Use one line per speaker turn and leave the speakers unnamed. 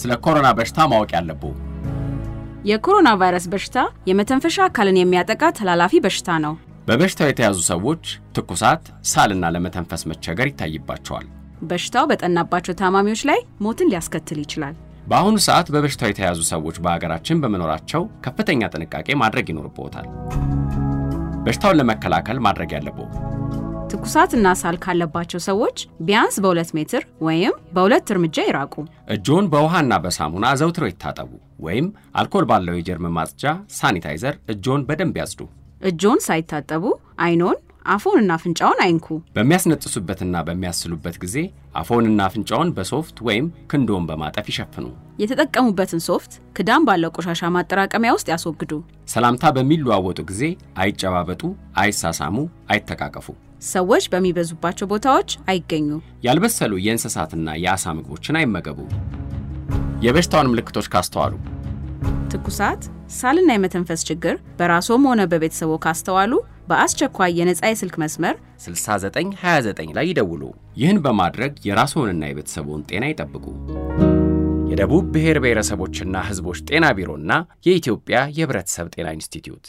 ስለ ኮሮና በሽታ ማወቅ ያለቡ።
የኮሮና ቫይረስ በሽታ የመተንፈሻ አካልን የሚያጠቃ ተላላፊ በሽታ ነው።
በበሽታው የተያዙ ሰዎች ትኩሳት፣ ሳልና ለመተንፈስ መቸገር ይታይባቸዋል።
በሽታው በጠናባቸው ታማሚዎች ላይ ሞትን ሊያስከትል ይችላል።
በአሁኑ ሰዓት በበሽታው የተያዙ ሰዎች በአገራችን በመኖራቸው ከፍተኛ ጥንቃቄ ማድረግ ይኖርብዎታል። በሽታውን ለመከላከል ማድረግ ያለብዎ
ትኩሳትና ሳል ካለባቸው ሰዎች ቢያንስ በሁለት ሜትር ወይም በሁለት እርምጃ ይራቁ።
እጆን በውሃና በሳሙና ዘውትረው ይታጠቡ፣ ወይም አልኮል ባለው የጀርም ማጽጃ ሳኒታይዘር እጆን በደንብ ያጽዱ።
እጆን ሳይታጠቡ አይኖን አፎንና አፍንጫውን አይንኩ።
በሚያስነጥሱበትና በሚያስሉበት ጊዜ አፎንና አፍንጫውን በሶፍት ወይም ክንዶን በማጠፍ ይሸፍኑ።
የተጠቀሙበትን ሶፍት ክዳን ባለው ቆሻሻ ማጠራቀሚያ ውስጥ ያስወግዱ።
ሰላምታ በሚለዋወጡ ጊዜ አይጨባበጡ፣ አይሳሳሙ፣ አይተቃቀፉ።
ሰዎች በሚበዙባቸው ቦታዎች አይገኙ።
ያልበሰሉ የእንስሳትና የአሳ ምግቦችን አይመገቡ። የበሽታውን ምልክቶች ካስተዋሉ
ትኩሳት ሳልና የመተንፈስ ችግር በራስዎም ሆነ በቤተሰቦ ካስተዋሉ በአስቸኳይ የነፃ የስልክ መስመር
6929 ላይ ይደውሉ። ይህን በማድረግ የራስዎንና የቤተሰቦን ጤና ይጠብቁ። የደቡብ ብሔር ብሔረሰቦችና ሕዝቦች ጤና ቢሮና የኢትዮጵያ የሕብረተሰብ ጤና ኢንስቲትዩት